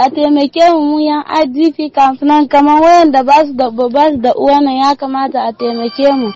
a taimake mu yan IDP kamfanin kamar wayan da basu da ba da da nan ya kamata a taimake mu.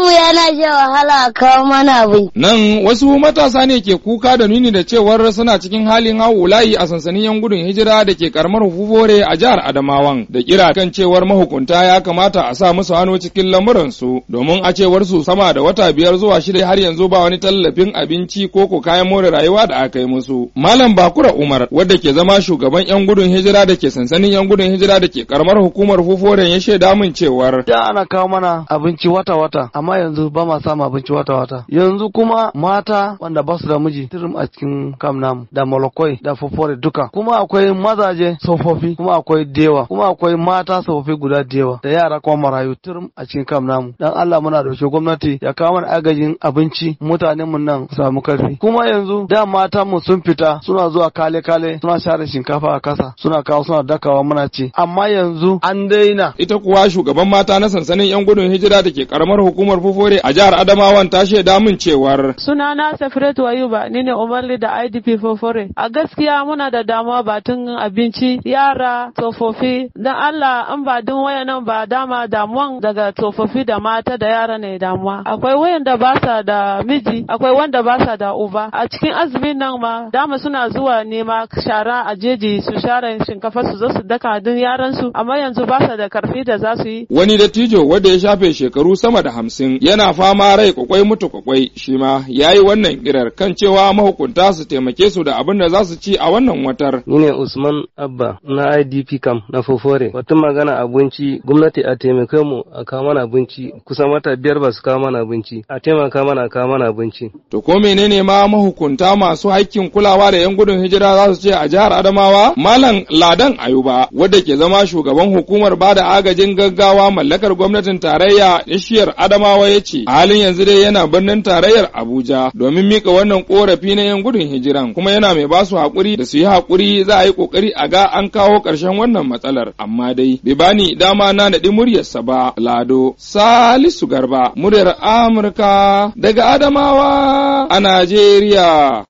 mu yana je wahala a kawo mana abin. Nan wasu matasa ne ke kuka da nuni da cewar suna cikin halin layi a sansanin yan gudun hijira da ke karamar Hufubore a jihar Adamawan da kira kan cewar mahukunta ya kamata a sa musu hannu cikin lamuransu domin a cewar su sama da wata biyar zuwa shida har yanzu ba wani tallafin abinci ko ko kayan more rayuwa da aka yi musu. Malam Bakura Umar wadda ke zama shugaban yan gudun hijira da ke sansanin yan gudun hijira da ke karamar hukumar Foforen ya shaida min cewar da ana kawo mana abinci wata wata amma yanzu ba ma samu abinci wata wata yanzu kuma mata wanda ba su da miji turum a cikin kam da malakoi da Fofore duka kuma akwai mazaje tsofaffi kuma akwai dewa kuma akwai mata tsofaffi guda dewa da yara kuma marayu turum a cikin kam namu dan Allah muna da gwamnati ya kawo mana agajin abinci mutanen mu nan samu karfi kuma yanzu da mata mu sun fita suna zuwa kale kale suna share shinkafa a kasa matasa suna kawo suna dakawa muna ce amma yanzu an daina ita kuwa shugaban mata na sansanin yan gudun hijira da ke karamar hukumar fufore a jihar Adamawan ta shaida min cewar sunana Safiratu Ayuba ni ne umarli da IDP fufore a gaskiya muna da damuwa batun abinci yara tsofaffi dan Allah an ba din wayannan ba dama damuwan daga tsofaffi da mata da yara ne damuwa akwai wayanda ba sa da miji akwai wanda ba sa da uba a cikin azumin nan ma dama suna zuwa nema shara a jeji su sharan shinkafa su zo su daka duk yaran su amma yanzu ba su da karfi da za su yi. Wani dattijo wanda ya shafe shekaru sama da hamsin yana fama rai kwakwai mutu kwakwai shi ma ya yi wannan kirar kan cewa mahukunta su taimake su da abin da za su ci a wannan watar. Ni ne Usman Abba na IDP kam na Fofore. Wata magana abinci gwamnati a taimake mu a kawo mana abinci kusan wata biyar ba su kawo mana abinci a taimaka mana kawo mana abinci. To ko menene ma mahukunta masu haƙƙin kulawa da 'yan gudun hijira za su ce a jihar Adamawa? Malam Ladan Ayuba wadda ke zama shugaban hukumar bada agajin gaggawa mallakar gwamnatin tarayya ishiyar Adamawa ya ce a halin yanzu dai yana birnin tarayyar Abuja domin mika wannan korafi na yan gudun hijiran kuma yana mai basu hakuri da su yi hakuri za a yi ƙoƙari a ga an kawo ƙarshen wannan matsalar amma dai bai bani dama na naɗi muryarsa ba Lado Salisu Garba muryar Amurka daga Adamawa a Najeriya.